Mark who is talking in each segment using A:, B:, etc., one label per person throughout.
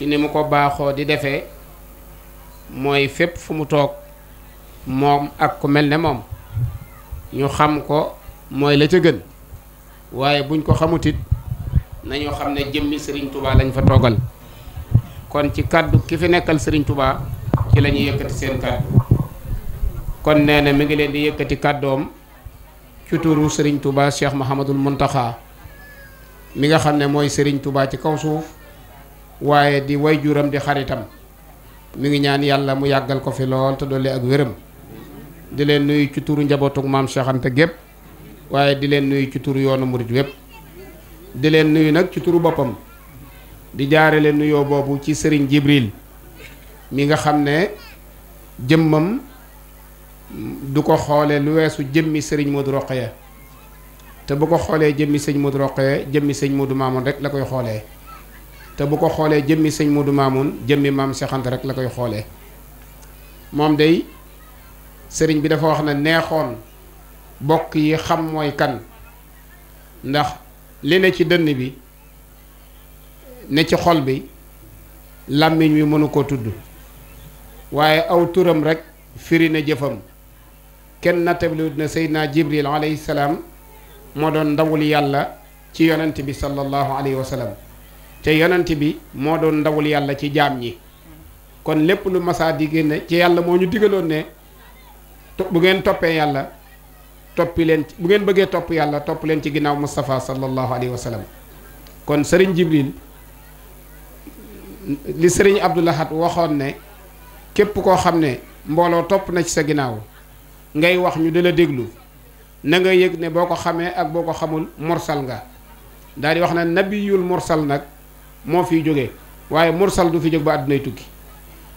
A: ci ni mu ko baaxoo di defe mooy fépp fu mu toog moom ak ku mel ne moom ñu xam ko mooy la ca gën waaye buñ ko xamutit nañu xam ne jëmmi sëriñ Touba lañ fa toogal kon ci kàddu ki fi nekkal Serigne tubaa ci la ñuy yëkkati seen kàddu kon nee na mi ngi leen di yëkkati kàddoom ci sëriñ tubaa Touba Cheikh Mouhamadul Mountakha mi nga xam ne mooy Serigne tubaa ci kaw suuf. waaye di wayjuram di xaritam mu ngi ñaan yàlla mu yàggal ko fi lool te dolli ak wéram di leen nuyu ci turu njabootuk maam Cheikh Anta gépp waaye di leen nuyu ci turu yoonu murit wépp di leen nuyu nag ci turu boppam di jaare leen nuyoo boobu ci sëriñ Jibril mi nga xam ne jëmmam du ko xoolee lu weesu jëmmi sëriñ Modou Rokhaya te bu ko xoolee jëmmi sëñ Modou Rokhaya jëmmi sëñ Modou Mamoun rek la koy xoolee te bu ko xoolee jëmmi sëñ Modou Mamoun jëmmi maam Cheikh Anta rek la koy xoolee moom day sëriñ bi dafa wax ne neexoon bokk yi xam mooy kan ndax li ne ci dënn bi ne ci xol bi làmmiñ wi mënu ko tudd waaye aw turam rek firi na jëfam kenn nattabliwut na Seydina Jibril alayhi salaam moo doon ndawul yàlla ci yonent bi sallallahu alayhi wa te yonent bi moo doon ndawul yàlla ci jaam yi kon lépp lu masaa di génne ci yàlla moo ñu digaloon ne bu ngeen toppee yàlla toppi leen bu ngeen bëggee topp yàlla topp leen ci ginnaaw Moustapha sallallahu alayhi wa sallam kon sëriñ Jibril li sëriñ Abdou Lahad waxoon ne képp koo xam ne mbooloo topp na ci sa ginnaaw ngay wax ñu di la déglu na nga yëg ne boo ko xamee ak boo ko xamul mursal nga daal di wax na nabiyul morsal nag moo fiy jóge waaye mursal du fi jóg ba àddunay tukki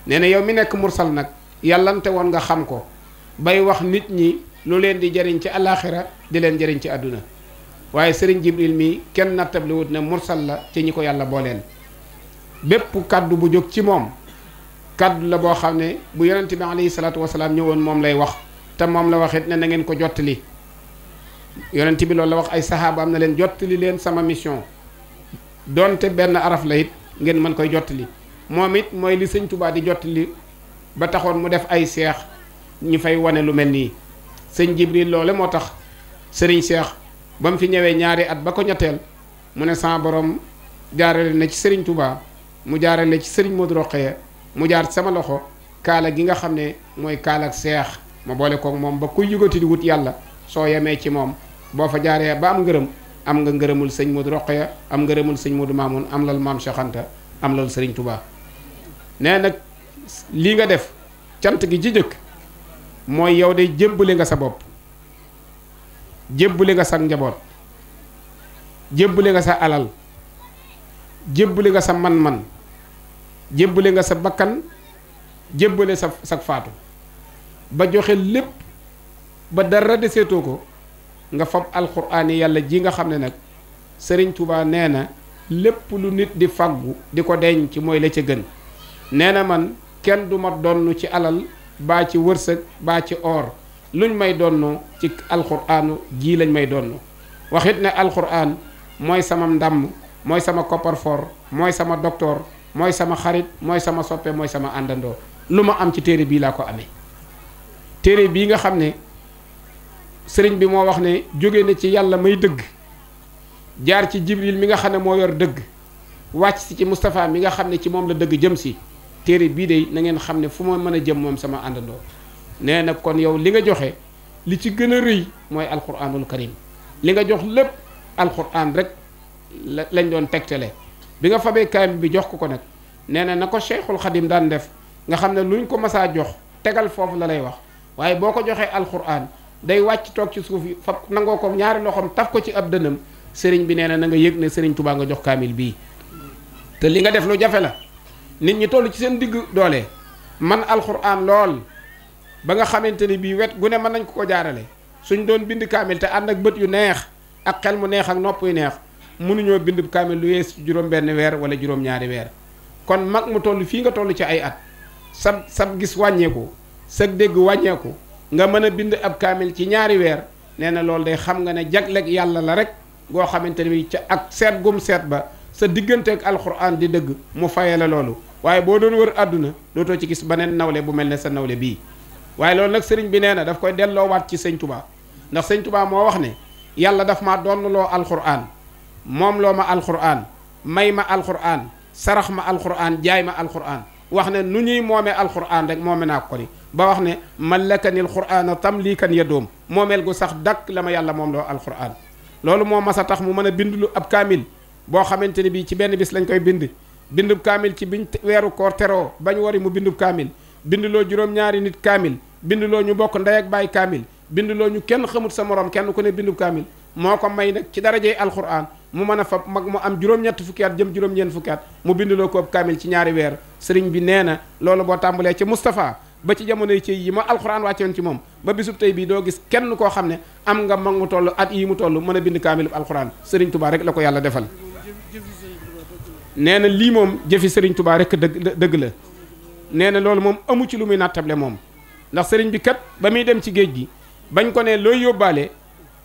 A: nee na yow mi nekk mursal nag yàllante woon nga xam ko bay wax nit ñi lu leen di jariñ ci alaaxira di leen jariñ ci àdduna waaye sëriñ Jibril mii kenn nattab li wut ne mursal la ci ñi ko yàlla booleel bépp kàddu bu jóg ci moom kàddu la boo xam ne bu yonente bi alayhi salaatu wasalaam ñëwoon moom lay wax te moom la waxit ne na ngeen ko jottali yonente bi loolu la wax ay am na leen jottali leen sama mission donte benn araf la it ngeen mën koy jottali moom it mooy li sëñ Touba di jottali ba taxoon mu def ay seex ñu fay wane lu mel nii sëñ Jibril loole moo tax sëriñ seex ba mu fi ñëwee ñaari at ba ko ñetteel mu ne sama borom jaarale na ci sëriñ Touba mu jaarale ci sëriñ Modou Rokhaya mu jaar sama loxo kaala gi nga xam ne mooy kaala ak seex ma boole koog moom ba kuy yugati di wut yàlla soo yemee ci moom boo fa jaaree ba am ngërëm. am nga ngërëmul sëñ Modou Rokhaya am ngërëmul sëñ Modou Mamoun am lal maam Cheikh Anta am lal sëriñ Touba nee nag lii nga def cant gi ci jëkk mooy yow de jébbale nga sa bopp jébbale nga sa njaboot jébbale nga sa alal jébbale nga sa man-man jébbale nga sa bakkan jébbale sa sa faatu ba joxe lépp ba dara deseetoo ko nga fab alxuraan yi yàlla ji nga xam ne nag sëriñ Touba nee na lépp lu nit di faggu di ko ci mooy la ca gën nee na man kenn du ma donn ci alal baa ci wërsëg baa ci or luñ may donn ci alxuraanu jii lañ may donn waxit ne alxuraan mooy sama ndàmm mooy sama kopparfor mooy sama docteur mooy sama xarit mooy sama soppe mooy sama àndandoo lu ma am ci téere bii laa ko amee sëriñ bi moo wax ne jóge na ci yàlla may dëgg jaar ci jibril mi nga xam ne moo yor dëgg wàcc si ci Moustapha mi nga xam ne ci moom la dëgg jëm si téere bii de na ngeen xam ne fu ma mën a jëm moom sama àndandoo nee na kon yow li nga joxe li ci gën a rëy mooy alquranul karim li nga jox lépp alquran rek lañ doon tegtale bi nga fabee kaam bi jox ko ko nag nee na na ko cheikhul xadim daan def nga xam ne luñ ko masaa jox tegal foofu la lay wax waaye day wàcc toog ci suuf yi fab nangoo ko ñaari loxoom taf ko ci ab dënam sëriñ bi nee na na nga yëg ne sëriñ Touba nga jox kaamil bii te li nga def lu jafe la nit ñi toll ci seen digg doole man alxuraan lool ba nga xamante ni bii wet gu ne mën nañ ko ko jaarale suñ doon bind kaamil te ànd ak bët yu neex ak xel mu neex ak nopp yu neex mënuñoo bind kaamil lu yees juróom-benn weer wala juróom-ñaari weer kon mag mu toll fii nga toll ci ay at sa sab gis wàññeeku sag dégg wàññeeku nga mën a bind ab kaamil ci ñaari weer nee na loolu day xam nga ne jagleeg yàlla la rek goo xamante ne bi ca ak seet gum seet ba sa diggante ak alxuraan di dëgg mu faye la loolu waaye boo doon wër àdduna dootoo ci gis beneen nawle bu mel ne sa nawle bii waaye loolu nag sëriñ bi nee na daf koy delloowaat ci sëñ tubaa ndax sëñ tubaa moo wax ne yàlla daf maa donn loo alxuraan moom loo ma alxuraan may ma alxuraan sarax ma alxuraan jaay ma alxuraan wax ne nu ñuy moomee alquran rek moome naa ko ni ba wax ne tam lii kan ya doom moomeel gu sax dakk la ma yàlla moom loo alquran loolu moo mas a tax mu mën a bindulu ab kaamil boo xamante ni bii ci benn bis lañ koy bind bindub kaamil ci biñ weeru koor teroo bañ wari mu bindub kaamil bind loo juróom-ñaari nit kaamil bind loo ñu bokk ndey ak baay kaamil bind loo ñu kenn xamut sa moroom kenn ku ne bindub kaamil moo ko may nag ci darajey alquran mu mën a fab mag mu am juróom-ñett fukki jëm juróom-ñeent fukki mu bindloo koob kaamil ci ñaari weer sëriñ bi nee na loolu boo tàmbalee ci Moustapha ba ci jamonoy ci yi ma alxuraan wàccoon ci moom ba bisub tey bii doo gis kenn koo xam ne am nga mag mu toll at yi mu toll mën a bind kaamilu alxuraan sëriñ Touba rek la ko yàlla defal nee na lii moom jëfi sëriñ Touba rekk dëgg dëgg la nee na loolu moom amu ci lu muy nattable moom ndax sëriñ bi kat ba muy dem ci géej gi bañ ko ne looy yóbbaale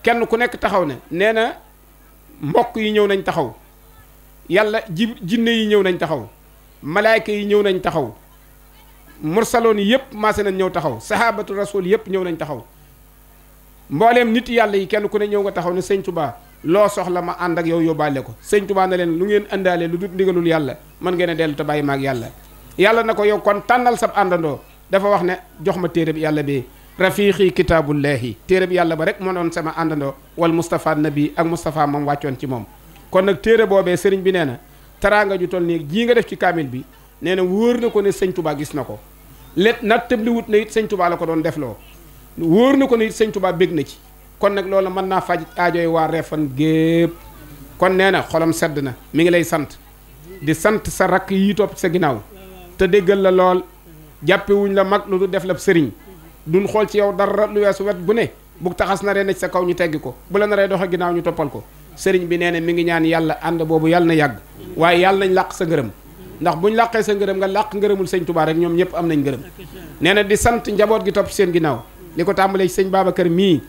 A: kenn ku nekk taxaw ne nee na mbokk yi ñëw nañ taxaw yàlla ji jinne yi ñëw nañ taxaw malaayka yi ñëw nañ taxaw mursaloon yëpp maase nañ ñëw taxaw sahabatu rasul yëpp ñëw nañ taxaw mbooleem nit yàlla yi kenn ku ne ñëw nga taxaw ne sëñ tubaa loo soxla ma ànd ak yow yóbbaale ko sëñ tubaa na leen lu ngeen àndaale lu dut ndigalul yàlla mën ngeen a dellu te bàyyi maag yàlla yàlla na ko yow kon tànnal sab àndandoo dafa wax ne jox ma téere bi yàlla bi rafiqi téere bi yàlla ba rek moo doon sama àndandoo wal Moustapha nabi ak Moustapha moom wàccoon ci moom kon nag téere boobee sëriñ bi nee na taraanga ju toll nii jii nga def ci kaamil bi nee na wóor na ko ne sëñ tubaa gis na ko let nat tëb li wut na it sëñ tubaa la ko doon defloo wóor na ko ne it sëñ tubaa bég na ci kon nag loolu mën naa faj aajoy waa Refane gépp kon nee na xolam sedd na mi ngi lay sant di sant sa rakk yi topp sa ginnaaw te déggal la lool jàppewuñ la mag lu def la sëriñ duñ xool ci yow dara lu weesu wet bu ne bu taxas naree nekk sa kaw ñu tegg ko bu la naree doxe ginnaaw ñu toppal ko sëriñ bi nee na mi ngi ñaan yàlla ànd boobu yàlla na yàgg waaye yàlla nañ làq sa ngërëm ndax buñ làqee sa ngërëm nga làq ngërëmul sëñ Tuubaa rek ñoom ñëpp am nañ ngërëm nee na di sant njaboot gi topp ci seen ginnaaw li ko tàmbalee ci baaba kër mii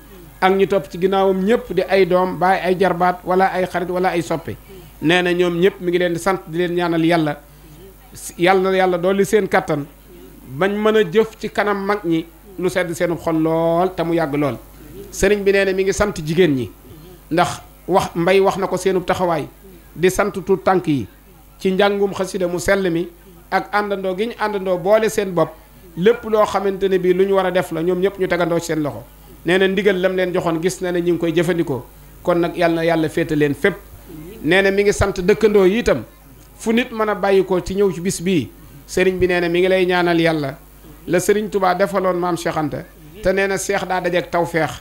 A: ak ñu topp ci ginnaawam ñëpp di ay doom baay ay jarbaat wala ay xarit wala ay soppe nee na ñoom ñëpp mi ngi leen di sant di leen ñaanal yàlla yàlla yàlla dolli seen kattan bañ mën a jëf ci kanam mag ñi lu sedd seenu xol lool te mu yàgg lool sëriñ bi nee na mi ngi sant jigéen ñi ndax wax mbay wax na ko seenub taxawaay di sant tuut tànk yi ci njàngum xasida mu sell mi ak àndandoo gi ñu àndandoo boole seen bopp lépp loo xamante ne bii lu ñu war a def la ñoom ñëpp ñu tegandoo ci seen loxo nee na ndigal lam leen joxoon gis na ne ñu ngi koy jëfandikoo kon nag yàlla na yàlla féete leen fépp nee na mi ngi sant dëkkandoo yi itam fu nit mën a bàyyi ko ci ñëw ci bis bii sëriñ bi nee na mi ngi lay ñaanal yàlla la Serigne Touba defaloon maam Cheikh te nee na seex daa dajeeg tawféex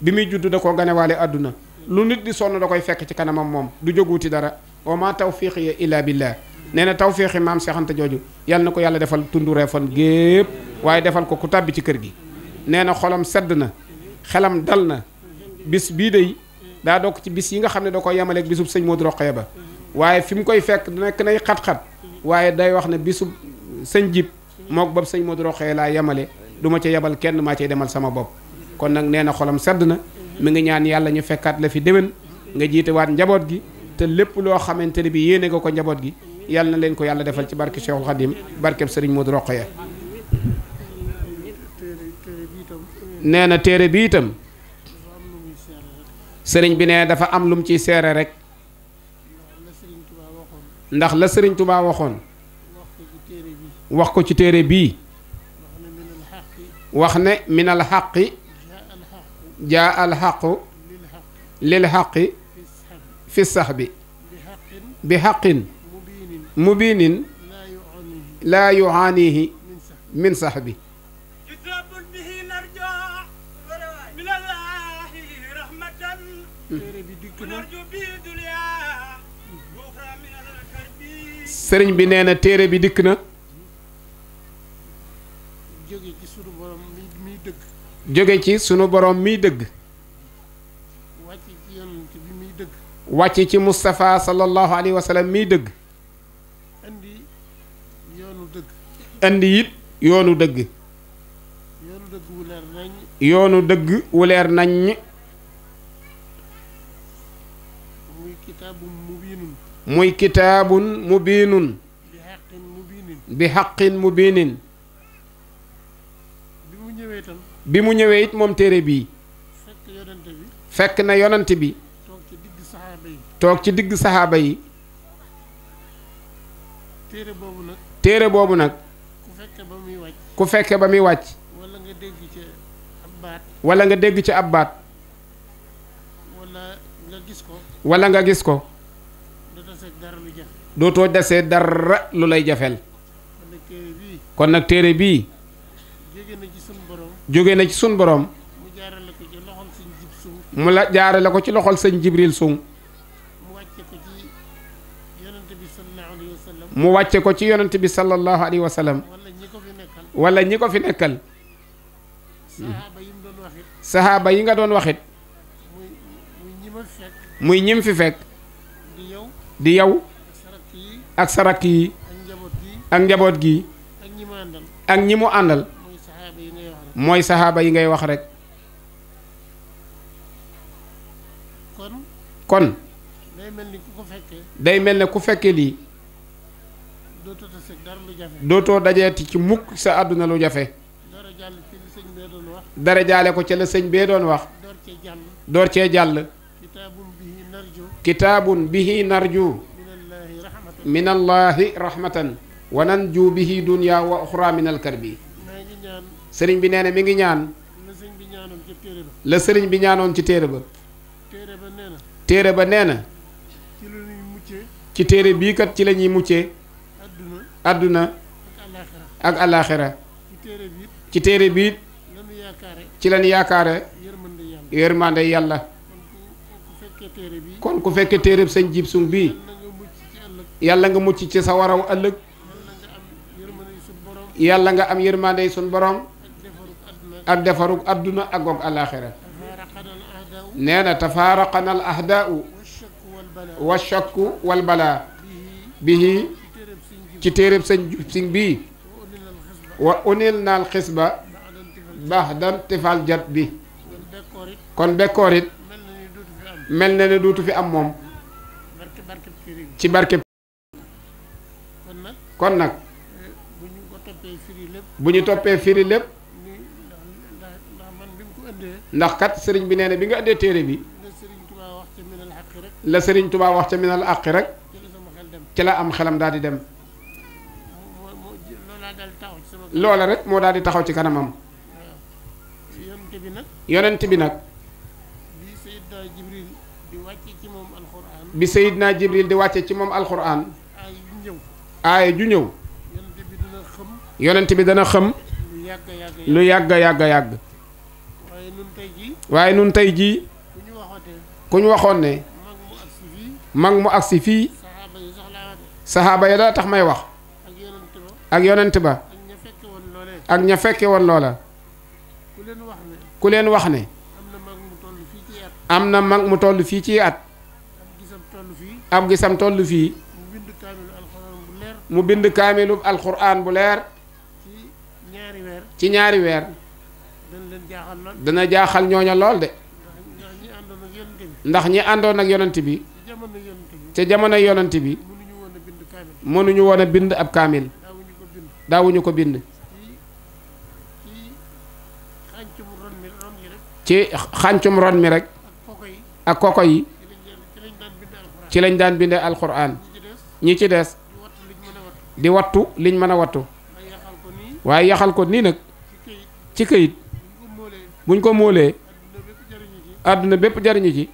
A: bi muy juddu da koo ganewaale àdduna lu nit di sonn da koy fekk ci kanamam moom du jóguti dara wa maa tawfiiqi illaa billaah nee na tawféexi maam Cheikh jooju yal na ko yàlla defal tundu fan gépp waaye defal ko ku tàbbi ci kër gi nee na xolam sedd na xelam dal na bis bii day daa dokk ci bis yi nga xam ne da ko yemaleeg bisub sëñ Modou Rokhaya ba waaye fi mu koy fekk nekk nay xat-xat waaye day wax ne bisub sëñ jib mook bopp sëñ Modou Rokhaya laa yemale duma ma ca yebal kenn maa cay demal sama bopp kon nag nee na xolam sedd na mi ngi ñaan yàlla ñu fekkaat la fi déwén nga jiitewaat njaboot gi te lépp loo xamante ne bi yéene nga ko njaboot gi yàlla na leen ko yàlla defal ci barke Cheikhul Khadim barkeb sëriñ Modou Rokhaya nee na téere bi itam sëriñ bi ne dafa am lum ciy seere rek ndax la sëriñ ba waxoon wax ko ci téere bii wax ne min al xaqi jaa al xaqu lil xaqi fi sax bi bi xaqin mubiinin laa yuaanihi min sax bi sëriñ bi nee na téere bi dikk na jóge ci sunu borom miy dëgg
B: wàcc ci yonent
A: bi miy dëgg dëgg
B: indi yoonu dëgg
A: indi yoonu dëgg yoonu nañ
B: muy kitaabun mubiinun
A: muy kitaabun mubiinun bi xaqin mubiinin bi mu ñëwee it moom téere bii fekk bi fekk na yonant bi toog ci digg saxaaba yi toog ci digg saxaaba yi
B: téere boobu nag
A: boobu nag ku fekke ba muy wàcc
B: ku nga dégg ci ab baat wala
A: nga gis ko walla nga gis ko dootoo desee dara lu lay jafeel kon nag téere bii jóge na ci sun boroom mu la ko ci loxol sëñ Jibril Sung mu wàcce ko ci yonent bi sallallahu alayhi wa wala ñi ko fi nekkal sahaaba yi nga doon waxit muy ñim fi fekk di yow ak sarak yi ak njaboot gi ak ñi mu àndal mooy saxaaba yi ngay wax rek kon
B: day mel ni ku ko fekkee day mel ne ku fekkee
A: lii dootoo dajeeti ci mukk sa àdduna lu jafe dara jaale ko ca la sëñ bee doon wax door cee jàll kitaabun bihi narju minallahi rahmatan wa nanju bihi dunya wa uxra minal karbi sëriñ bi nee na mi ngi ñaan. la sëriñ bi ñaanoon ci téere ba. téere ba nee na. ci la ñuy ci téere bii kat ci la ñuy muccee. adduna. adduna. ak alaaxira. ci téere bi ci téere bi ci la ñu yaakaare. yërmande yàlla. kon ku fekkee téere bi sëñ Jib Sung bii. yàlla nga mucc ci sa waraw ëllëg. yàlla nga am yërmande yi suñ borom. ak defarug àdduna ak goog alaaxira nee na tafaaraqana al ahdaau wa shakku ci téereb sëñ sëñ bii wa unil naal xisba baax dan tifal jat bi kon bekkoor mel na ne duutu fi am moom ci barkeb kon nag bu ñu toppee firi lépp ndax kat sëriñ bi nee na bi nga addee téere bi la sëriñ Tuubaa wax ca minal àqi rek ci la am xelam daal di dem loola rek moo daal di taxaw ci kanamam yonent bi nag bi naa Jibril di wàcce ci moom alxuraan aaya ju ñëw
B: yonent bi dana xam lu
A: yàgg yàgg yàgg waaye nun tey jii ku ñu waxoon ne mag mu agsi fii saxaaba ya daa tax may wax ak yonent ba ak ña fekke woon loola ku leen wax ne am na mag mu toll fii ci at am gisam toll fii mu bind kaamilu alxuraan bu leer ci ñaari weer dana jaaxal ñooña lool de ndax ñi àndoon ak yonent bi ca jamono yonent bi mënuñu woon bind ab kaamil daawuñu ko bind ci xàncum ron mi rek ak koko yi ci lañ daan bindee alxuraan ñi ci des di wattu liñ mën a wattu waaye yaxal ko nii nag ci këyit buñ ko móolee àdduna bépp jariñu ci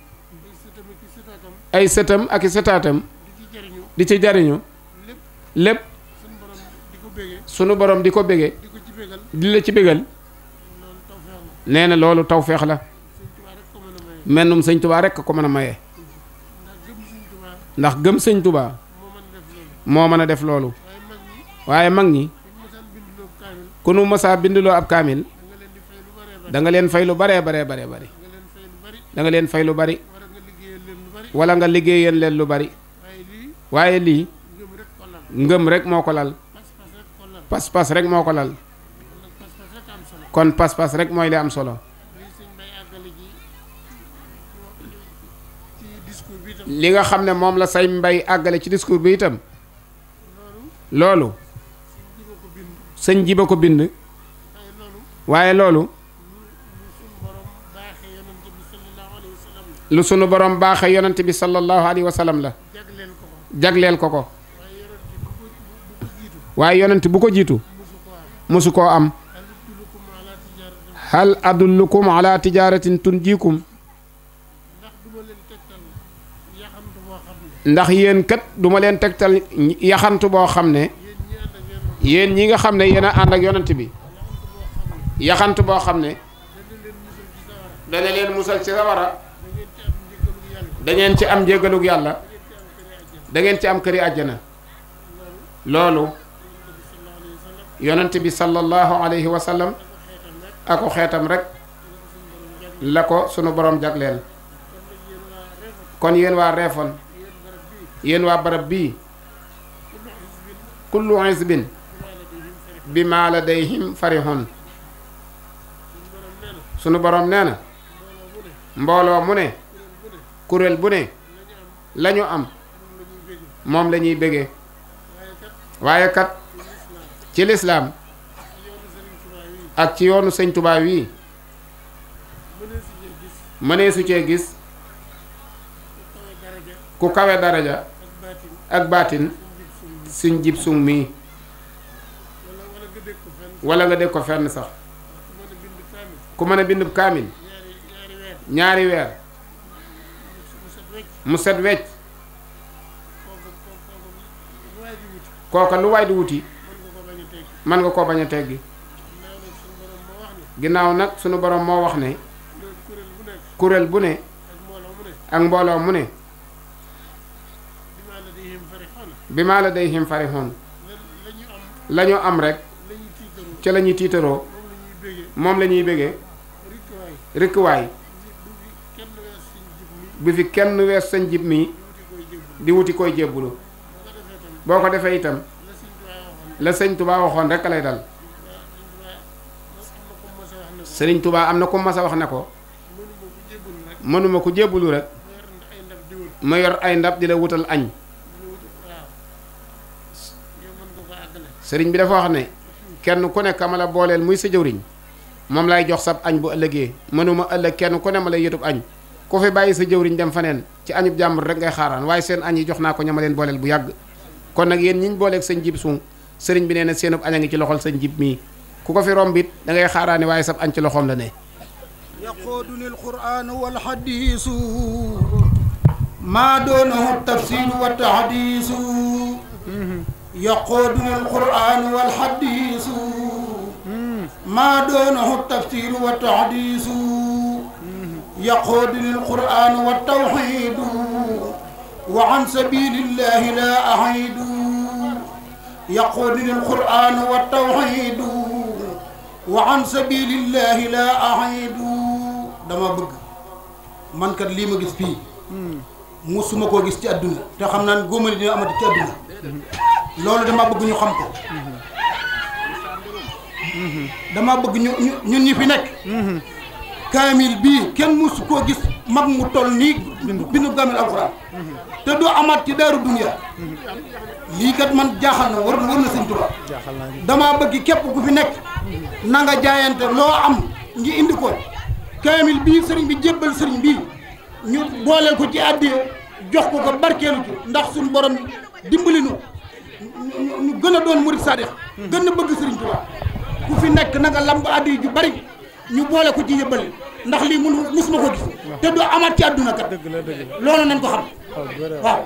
A: ay sëtam ak i sëtaatam di ci jariñu lépp sunu borom di ko bége di la ci bégal nee na loolu tawfeex la mennum sëñ tubaa rekk ko mën a maye ndax gëm sëñ tubaa moo mën a def loolu waaye mag ñi ku masaa binduloo ab kaamil da nga leen fay lu baree baree baree bari danga leen fay lu bari walla nga liggéeyeen leen lu bari waaye lii ngëm rek moo ko lal pas-pas rek moo ko lal kon pas-pas rek mooy li am solo li nga xam ne moom la sañ mbay àggale ci discours bi itam loolu sëñ jiba ko bind waaye loolu lu sunu borom baaxe yonent bi sallallahu alayhi wa sallam la jagleel ko ko waaye yonent bu ko jiitu mosu koo am hal adullukum ala tijaaratin ndax yéen kat duma leen tegtal yaxant boo xam ne yéen ñi nga xam ne yéen a ànd ak yonent bi yaxantu boo xam ne dangeen ci am njégalug yàlla dangeen ci am këri àjjana loolu yonent bi sallallahu alayhi wa sallam ako xeetam rekk la ko sunu boroom jagleel kon yéen waa reefon yéen waa barab bii kullu xisbin bi maa ladayhim farihun sunu borom nee na mbooloo mu ne kuréel bu ne lañu am moom lañuy ñuy waaye kat ci lislaam ak ci yoonu sëñ Tuubaa wi mënee su cee gis ku kawe daraja ak baatin suñ jib sung mii wala nga dégg ko fenn sax ku mën a bind kaamil ñaari weer mu set wecc kooka lu waay di wuti mën nga koo bañ a teggi ginnaaw nag sunu borom moo wax ne kuréel bu ne ak mbooloo mu ne bi maa la day him farixoon la am rekk ci lañuy tiitaroo moom la ñuy bégee rikkuwaay bi fi kenn weer sañ jib di wuti koy jébbulu boo ko defee itam la sëñ tubaa waxoon rek lay dal sëriñ tubaa am na ku masa wax ne ko mënuma ko jébbulu rek ma yor ay ndab di la wutal añ sëriñ bi dafa wax ne kenn ku nekk kama la booleel muy sa jëwriñ moom lay jox sab añ bu ëllëgee mënuma ëllëg kenn ku ne ma lay yëtub añ ku fi bàyyi sa jëwriñ dem faneen ci añub jàmbur rek ngay xaaraan waaye seen añ yi jox naa ko ñama leen booleel bu yàgg kon nag yéen ñiñ booleeg sëñ jib suñ sëriñ bi nee na seenub añ a ngi ci loxol sëñ jib mii ku ko fi rombit da ngay xaaraane waaye sab añ ci loxoom la ne
C: wa tahdiisu yaquudu lil يقود القرآن والتوحيد وعن سبيل الله لا أعيد يقود القرآن والتوحيد وعن سبيل الله لا أعيد dama bëgg man kat lii ma gis fii musuma koo gis ci àdduna te xam naa ne góomali dina amati ci
B: àdduna
C: loolu dama bëgg ñu xam ko dama bëgg ñu ñun ñi fi nekk kaamil bii kenn musu koo gis mag mu toll nii bindu kaamil alxuraan te doo amaat ci daaru duniya lii kat man jaaxal na war war na sëñ Tuubaa damaa bëgg képp ku fi nekk na nga jaayante loo am ngi indi ko kaamil bii sëriñ bi jébbal sëriñ bii ñu booleel ko ci àddiya jox ko ko barkeelu ci ndax suñu borom dimbali ñu gën a doon murid saadix gën bëgg sëriñ Tuubaa ku fi nekk na nga lamb ju bari ñu boole ko ci yëbbal ndax lii mun musuma ko gis te du amaat ci àdduna kat loolu nañ ko xam oh, waaw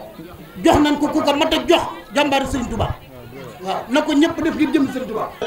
C: jox nañ ko ku ko mat a jox jàmbaar Sëriñ Tuubaa oh, waaw na ko ñëpp def ngir jëm Sëriñ Tuubaa